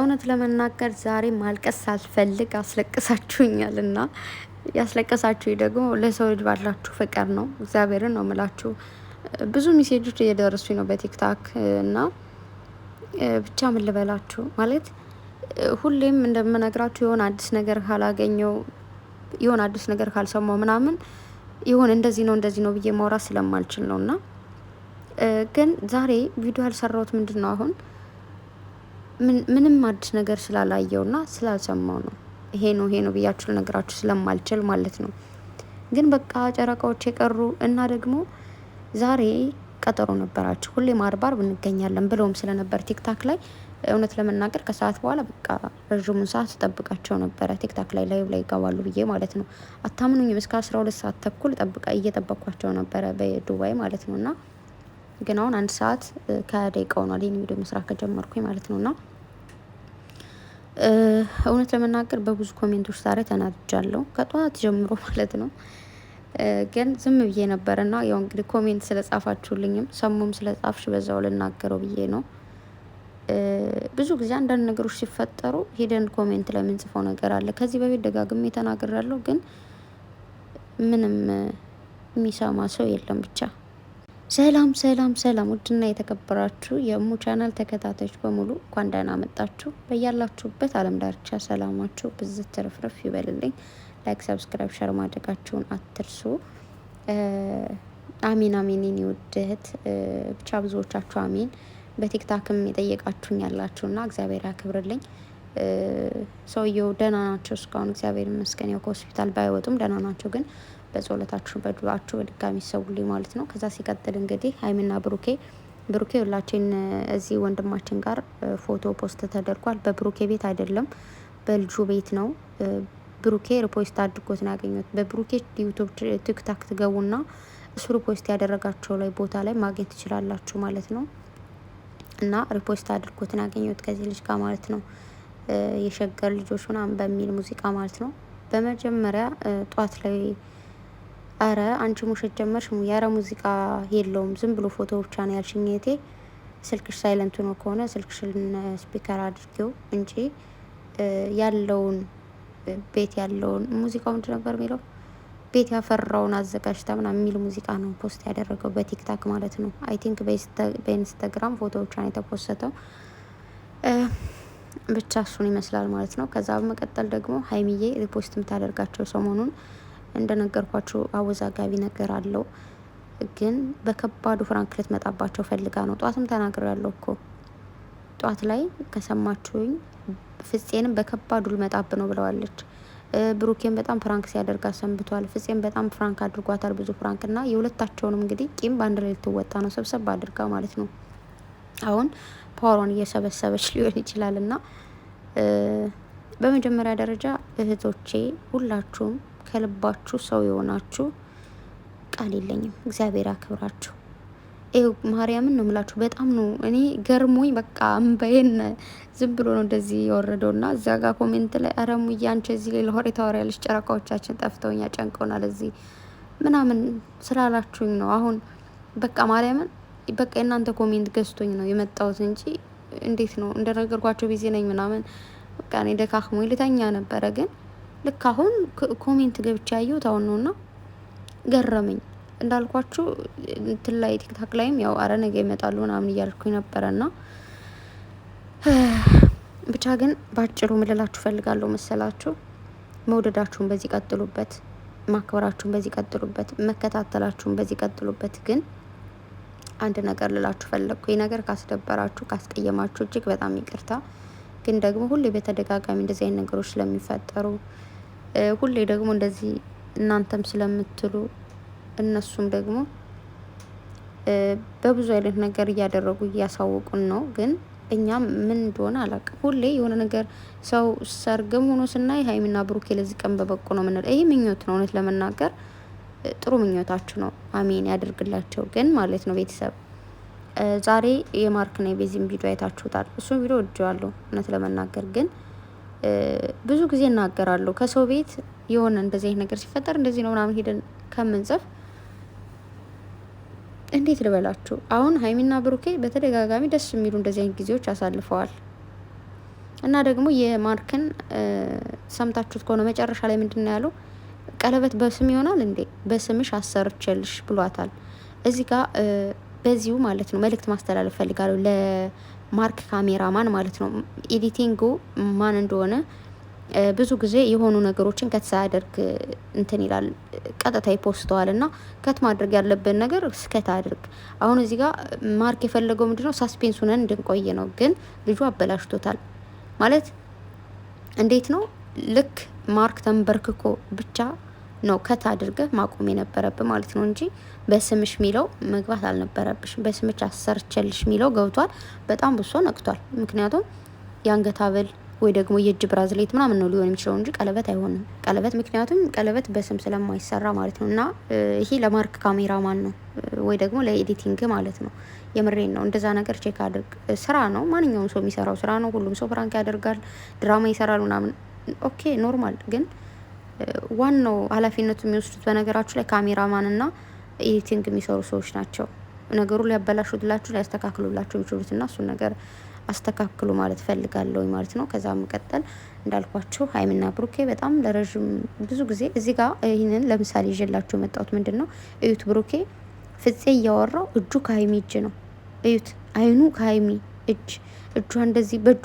እውነት ለመናገር ዛሬ ማልቀስ ሳልፈልግ አስለቅሳችሁኛል እና ያስለቀሳችሁ ደግሞ ለሰው ልጅ ባላችሁ ፍቅር ነው። እግዚአብሔርን ነው ምላችሁ። ብዙ ሜሴጆች እየደረሱ ነው በቲክታክ እና ብቻ ምን ልበላችሁ ማለት ሁሌም እንደምነግራችሁ የሆነ አዲስ ነገር ካላገኘው የሆነ አዲስ ነገር ካልሰማው ምናምን ይሁን እንደዚህ ነው እንደዚህ ነው ብዬ ማውራት ስለማልችል ነው እና ግን ዛሬ ቪዲዮ ያልሰራሁት ምንድን ነው አሁን ምንም አዲስ ነገር ስላላየውና ስላልሰማው ነው። ይሄ ነው ይሄ ነው ብያችሁ ልነግራችሁ ስለማልችል ማለት ነው። ግን በቃ ጨረቃዎች የቀሩ እና ደግሞ ዛሬ ቀጠሮ ነበራችሁ ሁሌም አርባር እንገኛለን ብለውም ስለነበር ቲክታክ ላይ እውነት ለመናገር ከሰዓት በኋላ በቃ ረዥሙን ሰዓት ስጠብቃቸው ነበረ። ቲክታክ ላይ ላይ ላይ ይገባሉ ብዬ ማለት ነው። አታምኑኝም? እስከ አስራ ሁለት ሰዓት ተኩል እየጠበኳቸው ነበረ በዱባይ ማለት ነው እና ግን አሁን አንድ ሰዓት ከደቂቃ ሆኗል ይህን ቪዲዮ መስራት ከጀመርኩኝ ማለት ነው። እና እውነት ለመናገር በብዙ ኮሜንቶች ዛሬ ተናድጃለሁ ከጠዋት ጀምሮ ማለት ነው። ግን ዝም ብዬ ነበር እና ያው እንግዲህ ኮሜንት ስለጻፋችሁልኝም ሰሙም ስለጻፍሽ በዛው ልናገረው ብዬ ነው። ብዙ ጊዜ አንዳንድ ነገሮች ሲፈጠሩ ሄደን ኮሜንት ላይ የምንጽፈው ነገር አለ። ከዚህ በፊት ደጋግሜ ተናግሬያለሁ፣ ግን ምንም የሚሰማ ሰው የለም ብቻ ሰላም ሰላም ሰላም ውድና የተከበራችሁ የእሙ ቻናል ተከታታዮች በሙሉ እንኳን ደህና መጣችሁ። በያላችሁበት አለም ዳርቻ ሰላማችሁ ብዝት ትርፍርፍ ይበልልኝ። ላይክ፣ ሰብስክራይብ፣ ሸር ማድረጋችሁን አትርሱ። አሚን አሚን። የኔ ውድ እህት ብቻ ብዙዎቻችሁ አሚን በቲክታክም የጠየቃችሁኝ ያላችሁና እግዚአብሔር ያክብርልኝ። ሰውየው ደህና ናቸው እስካሁን እግዚአብሔር ይመስገን። ያው ከሆስፒታል ባይወጡም ደህና ናቸው ግን በጸሎታችሁ በዱዋችሁ በድጋሚ ይሰውልኝ ማለት ነው። ከዛ ሲቀጥል እንግዲህ ሀይሚና ብሩኬ ብሩኬ ሁላችን እዚህ ወንድማችን ጋር ፎቶ ፖስት ተደርጓል። በብሩኬ ቤት አይደለም በልጁ ቤት ነው። ብሩኬ ሪፖስት አድርጎት ነው ያገኙት። በብሩኬ ዩቱብ ቲክታክ ትገቡና እሱ ሪፖስት ያደረጋቸው ላይ ቦታ ላይ ማግኘት ትችላላችሁ ማለት ነው። እና ሪፖስት አድርጎት ነው ያገኙት ከዚህ ልጅ ጋር ማለት ነው። የሸገር ልጆች ምናምን በሚል ሙዚቃ ማለት ነው። በመጀመሪያ ጧት ላይ አረ አንቺ ሙሸት ጀመርሽ። ያረ ሙዚቃ የለውም ዝም ብሎ ፎቶ ብቻ ነው ያልሽኝ እህቴ። ስልክሽ ሳይለንቱ ነው ከሆነ ስልክሽን ስፒከር አድርጌው እንጂ ያለውን ቤት ያለውን ሙዚቃው ምንድ ነበር የሚለው ቤት ያፈራውን አዘጋጅታ ምናምን የሚል ሙዚቃ ነው ፖስት ያደረገው በቲክታክ ማለት ነው። አይ ቲንክ በኢንስታግራም ነው የተፖሰተው ብቻ እሱን ይመስላል ማለት ነው። ከዛ በመቀጠል ደግሞ ሀይሚዬ ሪፖስት የምታደርጋቸው ሰሞኑን እንደነገርኳችሁ አወዛጋቢ ነገር አለው። ግን በከባዱ ፍራንክ ልትመጣባቸው ፈልጋ ነው። ጠዋትም ተናግር ያለው እኮ ጠዋት ላይ ከሰማችሁኝ ፍፄንም በከባዱ ልመጣብ ነው ብለዋለች። ብሩኬን በጣም ፍራንክ ሲያደርግ አሰንብቷል። ፍጼን በጣም ፍራንክ አድርጓታል፣ ብዙ ፍራንክ እና የሁለታቸውንም እንግዲህ ቂም በአንድ ላይ ልትወጣ ነው ሰብሰብ አድርጋ ማለት ነው። አሁን ፓወሯን እየሰበሰበች ሊሆን ይችላል እና በመጀመሪያ ደረጃ እህቶቼ ሁላችሁም ከልባችሁ ሰው የሆናችሁ ቃል የለኝም። እግዚአብሔር አክብራችሁ ይኸው ማርያምን ነው የምላችሁ። በጣም ነው እኔ ገርሞኝ በቃ እምባዬን ዝም ብሎ ነው እንደዚህ የወረደው እና እዛ ጋር ኮሜንት ላይ አረሙ አንቺ እዚህ ሌላ ወሬ ታወሪያለሽ፣ ጨረቃዎቻችን ጠፍተውኛ ጨንቀውናል እዚህ ምናምን ስላላችሁኝ ነው አሁን በቃ ማርያምን በቃ የእናንተ ኮሜንት ገዝቶኝ ነው የመጣሁት እንጂ እንዴት ነው እንደነገርኳቸው ቢዜ ነኝ ምናምን በቃ እኔ ደካክሞኝ ልተኛ ነበረ ግን ልክ አሁን ኮሜንት ገብቻ ያየሁት አሁን ነውና ገረመኝ። እንዳልኳችሁ እንትን ላይ ቲክታክ ላይም ያው አረ ነገ ይመጣሉ ምናምን እያልኩኝ ነበረና ብቻ ግን በአጭሩ ምልላችሁ ፈልጋለሁ መሰላችሁ መውደዳችሁን በዚህ ቀጥሉበት፣ ማክበራችሁን በዚህ ቀጥሉበት፣ መከታተላችሁን በዚህ ቀጥሉበት። ግን አንድ ነገር ልላችሁ ፈለግኩ። ይህ ነገር ካስደበራችሁ፣ ካስቀየማችሁ እጅግ በጣም ይቅርታ። ግን ደግሞ ሁሌ በተደጋጋሚ እንደዚህ አይነት ነገሮች ስለሚፈጠሩ ሁሌ ደግሞ እንደዚህ እናንተም ስለምትሉ እነሱም ደግሞ በብዙ አይነት ነገር እያደረጉ እያሳወቁን ነው። ግን እኛም ምን እንደሆነ አላውቅም። ሁሌ የሆነ ነገር ሰው ሰርግም ሆኖ ስናይ ሀይሚና ብሩኬ ለዚህ ቀን በበቁ ነው ምንል። ይህ ምኞት ነው፣ እውነት ለመናገር ጥሩ ምኞታችሁ ነው። አሜን ያደርግላቸው። ግን ማለት ነው ቤተሰብ ዛሬ የማርክና የቤዚን ቪዲዮ አይታችሁታል። እሱም ቪዲዮ እጅዋለሁ እውነት ለመናገር ግን ብዙ ጊዜ እናገራለሁ። ከሰው ቤት የሆነ እንደዚህ አይነት ነገር ሲፈጠር እንደዚህ ነው ምናምን ሄደን ከምንጽፍ እንዴት ልበላችሁ፣ አሁን ሀይሚና ብሩኬ በተደጋጋሚ ደስ የሚሉ እንደዚህ አይነት ጊዜዎች አሳልፈዋል። እና ደግሞ የማርክን ሰምታችሁት ከሆነ መጨረሻ ላይ ምንድን ነው ያለው? ቀለበት በስም ይሆናል እንዴ? በስምሽ አሰርቼልሽ ብሏታል። እዚህ ጋር በዚሁ ማለት ነው መልእክት ማስተላለፍ ፈልጋለሁ ማርክ ካሜራማን ማለት ነው። ኤዲቲንጉ ማን እንደሆነ ብዙ ጊዜ የሆኑ ነገሮችን ከት ሳያደርግ እንትን ይላል፣ ቀጥታ ይፖስተዋል። እና ከት ማድረግ ያለብን ነገር ስከት አድርግ። አሁን እዚህ ጋር ማርክ የፈለገው ምንድነው ሳስፔንስ ሁነን እንድንቆይ ነው። ግን ልጁ አበላሽቶታል ማለት እንዴት ነው? ልክ ማርክ ተንበርክኮ ብቻ ነው ከት አድርገህ ማቆም የነበረብህ ማለት ነው እንጂ በስምሽ ሚለው መግባት አልነበረብሽ። በስምሽ አሰርቸልሽ ሚለው ገብቷል። በጣም ብሶ ነቅቷል። ምክንያቱም የአንገት ሀብል ወይ ደግሞ የእጅ ብራዝሌት ምናምን ነው ሊሆን የሚችለው እንጂ ቀለበት አይሆንም። ቀለበት ምክንያቱም ቀለበት በስም ስለማይሰራ ማለት ነው። እና ይሄ ለማርክ ካሜራማን ነው ወይ ደግሞ ለኤዲቲንግ ማለት ነው። የምሬን ነው። እንደዛ ነገር ቼክ አድርግ። ስራ ነው፣ ማንኛውም ሰው የሚሰራው ስራ ነው። ሁሉም ሰው ፕራንክ ያደርጋል፣ ድራማ ይሰራል ምናምን። ኦኬ ኖርማል ግን ዋናው ኃላፊነቱ የሚወስዱት በነገራችሁ ላይ ካሜራማን እና ኤዲቲንግ የሚሰሩ ሰዎች ናቸው። ነገሩ ሊያበላሹላችሁ ሊያስተካክሉላችሁ የሚችሉት እና እሱን ነገር አስተካክሉ ማለት ፈልጋለሁ ማለት ነው። ከዛ መቀጠል እንዳልኳችሁ ሀይምና ብሩኬ በጣም ለረዥም ብዙ ጊዜ እዚህ ጋር ይህንን ለምሳሌ ይዤላችሁ የመጣሁት ምንድን ነው እዩት። ብሩኬ ፍፄ እያወራው እጁ ከሀይሚ እጅ ነው እዩት። አይኑ ከሀይሚ እጅ እጇ እንደዚህ በእጁ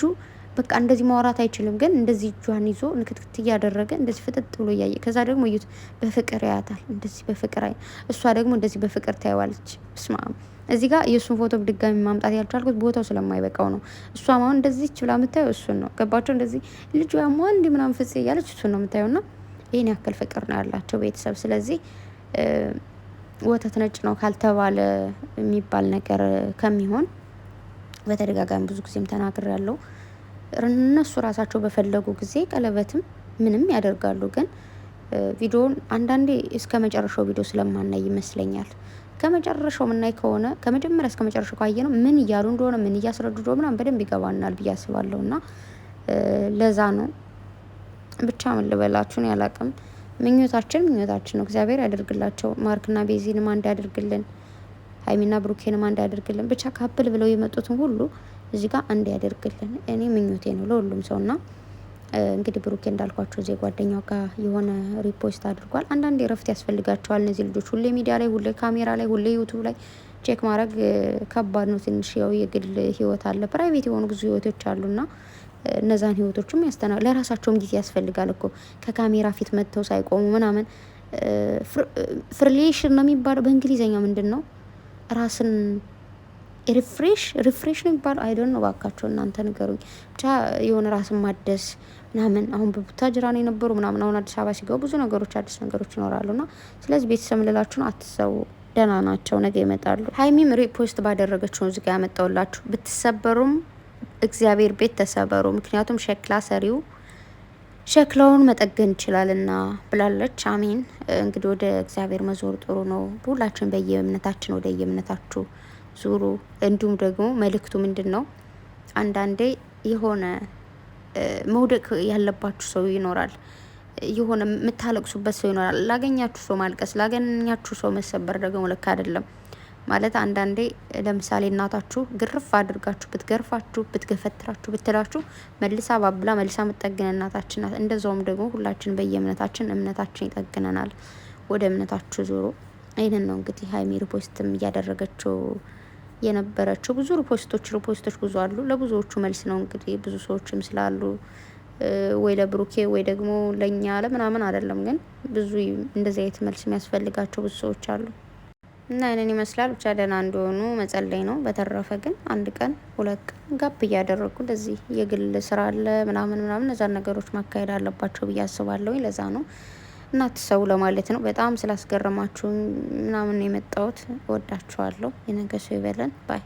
በቃ እንደዚህ ማውራት አይችልም፣ ግን እንደዚህ እጇን ይዞ ንክትክት እያደረገ እንደዚህ ፍጥጥ ብሎ እያየ ከዛ ደግሞ እዩት፣ በፍቅር ያያታል። እንደዚህ በፍቅር አይ እሷ ደግሞ እንደዚህ በፍቅር ታይዋለች። ስማ እዚህ ጋር የእሱን ፎቶ ድጋሚ ማምጣት ያልቻልኩት ቦታው ስለማይበቃው ነው። እሷም አሁን እንደዚህ ችላ የምታየው እሱን ነው። ገባቸው እንደዚህ ልጁ ያሟል እንዲ ምናምን ፍጽ እያለች እሱን ነው የምታየው። ና ይህን ያክል ፍቅር ነው ያላቸው ቤተሰብ። ስለዚህ ወተት ነጭ ነው ካልተባለ የሚባል ነገር ከሚሆን በተደጋጋሚ ብዙ ጊዜም ያለው እነሱ ራሳቸው በፈለጉ ጊዜ ቀለበትም ምንም ያደርጋሉ። ግን ቪዲዮን አንዳንዴ እስከ መጨረሻው ቪዲዮ ስለማናይ ይመስለኛል። ከመጨረሻው ምናይ ከሆነ ከመጀመሪያ እስከ መጨረሻው ካየ ነው ምን እያሉ እንደሆነ ምን እያስረዱ እንደሆነ ምናምን በደንብ ይገባናል ብዬ አስባለሁ። እና ለዛ ነው ብቻ ምን ልበላችሁን ያላቅም። ምኞታችን ምኞታችን ነው። እግዚአብሔር ያደርግላቸው። ማርክና ቤዚንም አንድ ያደርግልን፣ ሀይሚና ብሩኬንም አንድ ያደርግልን። ብቻ ካፕል ብለው የመጡትን ሁሉ እዚህ ጋር አንድ ያደርግልን። እኔ ምኞቴ ነው ለሁሉም ሰው ና እንግዲህ ብሩኬ እንዳልኳቸው እዚህ ጓደኛው ጋር የሆነ ሪፖስት አድርጓል። አንዳንድ እረፍት ያስፈልጋቸዋል እነዚህ ልጆች። ሁሌ ሚዲያ ላይ፣ ሁሌ ካሜራ ላይ፣ ሁሌ ዩቱብ ላይ ቼክ ማድረግ ከባድ ነው። ትንሽ ያው የግል ህይወት አለ፣ ፕራይቬት የሆኑ ብዙ ህይወቶች አሉና እነዛን ህይወቶችም ያስተና ለራሳቸውም ጊዜ ያስፈልጋል እኮ ከካሜራ ፊት መጥተው ሳይቆሙ ምናምን ፍሪሌሽን ነው የሚባለው በእንግሊዝኛ ምንድን ነው ራስን ሪፍሬሽ ሪፍሬሽ ነው የሚባለው አይዶን ነው ባካቸው፣ እናንተ ንገሩኝ። ብቻ የሆነ ራስን ማደስ ምናምን አሁን በቡታጅራ ነው የነበሩ ምናምን አሁን አዲስ አበባ ሲገቡ ብዙ ነገሮች አዲስ ነገሮች ና ስለዚህ ቤተሰብ ልላችሁን አትሰቡ። ደህና ናቸው፣ ነገ ይመጣሉ። ሀይሚም ሪፖስት ባደረገችው ጋ ያመጣውላችሁ ብትሰበሩም እግዚአብሔር ቤት ተሰበሩ፣ ምክንያቱም ሸክላ ሰሪው ሸክላውን መጠገን ይችላልና ብላለች። አሜን። እንግዲህ ወደ እግዚአብሔር መዞር ጥሩ ነው። ሁላችን በየእምነታችን ወደ የእምነታችሁ ዙሩ። እንዲሁም ደግሞ መልእክቱ ምንድን ነው? አንዳንዴ የሆነ መውደቅ ያለባችሁ ሰው ይኖራል። የሆነ የምታለቅሱበት ሰው ይኖራል። ላገኛችሁ ሰው ማልቀስ፣ ላገኛችሁ ሰው መሰበር ደግሞ ልክ አይደለም ማለት። አንዳንዴ ለምሳሌ እናታችሁ ግርፍ አድርጋችሁ ብትገርፋችሁ፣ ብትገፈትራችሁ፣ ብትላችሁ መልሳ ባብላ መልሳ የምትጠግነን እናታችን ናት። እንደዛውም ደግሞ ሁላችን በየእምነታችን እምነታችን ይጠግነናል። ወደ እምነታችሁ ዞሮ ይህንን ነው እንግዲህ ሀይሚ ሪፖስትም እያደረገችው የነበረችው ብዙ ሪፖስቶች ሪፖስቶች ብዙ አሉ። ለብዙዎቹ መልስ ነው እንግዲህ ብዙ ሰዎችም ስላሉ ወይ ለብሩኬ ወይ ደግሞ ለእኛ ለምናምን አይደለም፣ ግን ብዙ እንደዚህ አይነት መልስ የሚያስፈልጋቸው ብዙ ሰዎች አሉ። እና ይህንን ይመስላል። ብቻ ደህና እንደሆኑ መጸለይ ነው። በተረፈ ግን አንድ ቀን ሁለት ቀን ጋብ እያደረጉ እንደዚህ የግል ስራ አለ ምናምን ምናምን እነዛን ነገሮች ማካሄድ አለባቸው ብዬ አስባለሁኝ። ለዛ ነው እናትሰው ለማለት ነው። በጣም ስላስገረማችሁ ምናምን የመጣሁት ወዳችኋለሁ። የነገ ሰው ይበለን ባይ